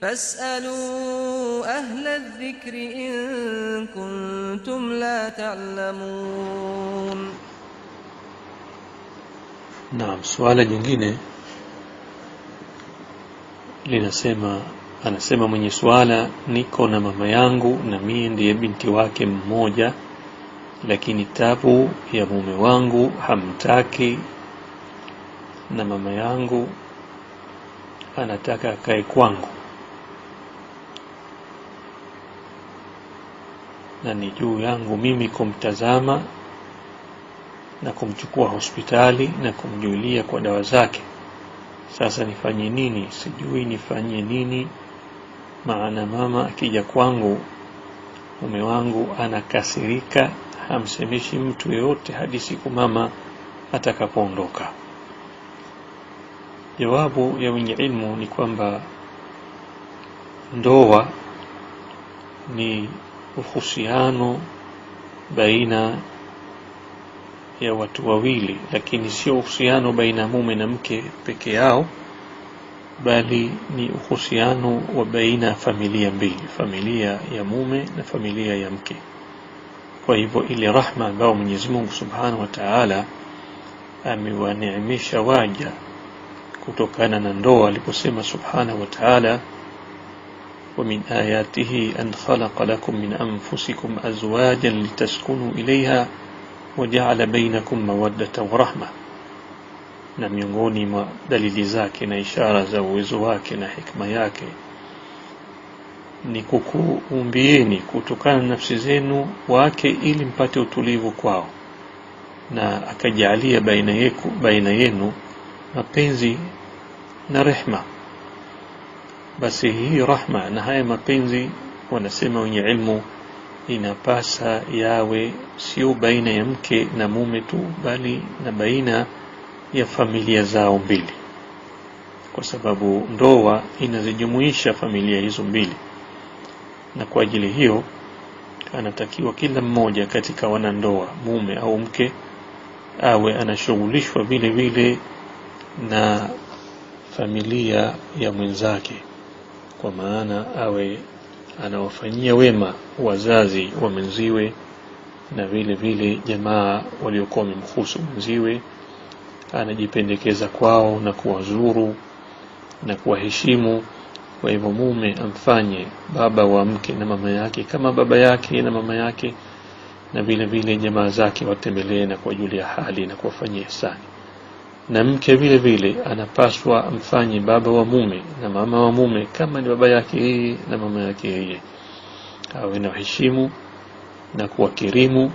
فاسألوا أهل الذكر إن كنتم لا تعلمون نعم سؤال جنجينه linasema anasema mwenye swala niko na mama yangu na mie ndiye binti wake mmoja lakini tabu ya mume wangu hamtaki na mama yangu anataka akae kwangu na ni juu yangu mimi kumtazama na kumchukua hospitali na kumjulia kwa dawa zake. Sasa nifanye nini? Sijui nifanye nini, maana mama akija kwangu mume wangu anakasirika, hamsemeshi mtu yeyote hadi siku mama atakapoondoka. Jawabu ya wenye ilmu ni kwamba ndoa ni uhusiano baina ya watu wawili lakini sio uhusiano baina ya mume na mke peke yao bali ni uhusiano wa baina ya familia mbili familia ya mume na familia ya mke kwa hivyo ile rahma ambayo Mwenyezi Mungu Subhanahu wa Ta'ala amewaneemesha waja kutokana na ndoa aliposema Subhanahu wa Ta'ala ومن آياته أن خلق لكم من أنفسكم أزواجا لتسكنوا إليها وجعل بينكم مودة ورحمة na miongoni mwa dalili zake na ishara za uwezo wake na hikma yake ni kukuumbieni kutokana na nafsi zenu wake ili mpate utulivu kwao na akajalia baina, baina yenu mapenzi na rehma basi hii rahma na haya mapenzi wanasema wenye ilmu inapasa yawe sio baina ya mke na mume tu bali na baina ya familia zao mbili kwa sababu ndoa inazijumuisha familia hizo mbili na kwa ajili hiyo anatakiwa kila mmoja katika wanandoa mume au mke awe anashughulishwa vile vile na familia ya mwenzake kwa maana awe anawafanyia wema wazazi wa mwenziwe na vile vile jamaa waliokuwa wamemhusu mwenziwe, anajipendekeza kwao na kuwazuru na kuwaheshimu. Kwa hivyo mume amfanye baba wa mke na mama yake kama baba yake na mama yake, na vile vile jamaa zake watembelee na kuwajulia hali na kuwafanyia ihsani na mke vile vile anapaswa amfanye baba wa mume na mama wa mume kama ni baba yake yeye na mama yake yeye, awe na heshimu na kuwakirimu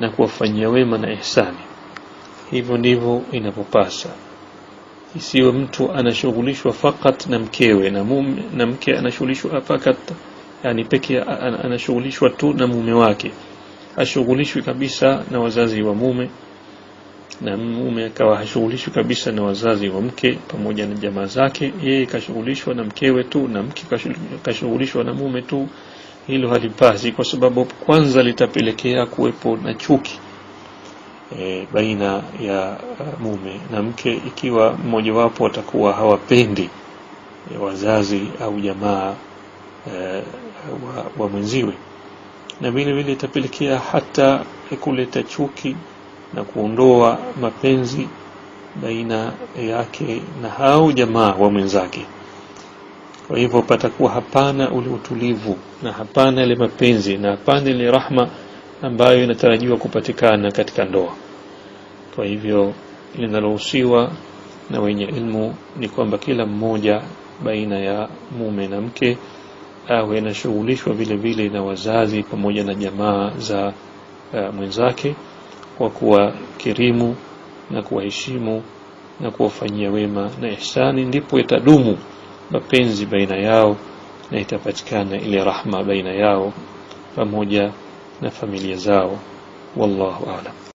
na kuwafanyia wema na ihsani. Hivyo ndivyo inapopasa, isiwe mtu anashughulishwa fakat na mkewe na mume, na mke anashughulishwa fakat, yani peke anashughulishwa tu na mume wake, ashughulishwe kabisa na wazazi wa mume na mume akawa hashughulishwi kabisa na wazazi wa mke pamoja na jamaa zake, yeye kashughulishwa na mkewe tu na mke kashughulishwa na mume tu. Hilo halipasi, kwa sababu kwanza litapelekea kuwepo na chuki e, baina ya e, mume na mke, ikiwa mmojawapo atakuwa hawapendi e, wazazi au jamaa e, wa, wa mwenziwe, na vile vile itapelekea hata kuleta chuki na kuondoa mapenzi baina yake na hao jamaa wa mwenzake. Kwa hivyo patakuwa hapana ule utulivu na hapana ile mapenzi na hapana ile rahma ambayo inatarajiwa kupatikana katika ndoa. Kwa hivyo linalohusiwa na wenye ilmu ni kwamba kila mmoja baina ya mume na mke awe anashughulishwa vile vile na wazazi pamoja na jamaa za uh, mwenzake kwa kuwakirimu na kuwaheshimu na kuwafanyia wema na ihsani, ndipo itadumu mapenzi baina yao na itapatikana ile rahma baina yao pamoja na familia zao. Wallahu a'lam.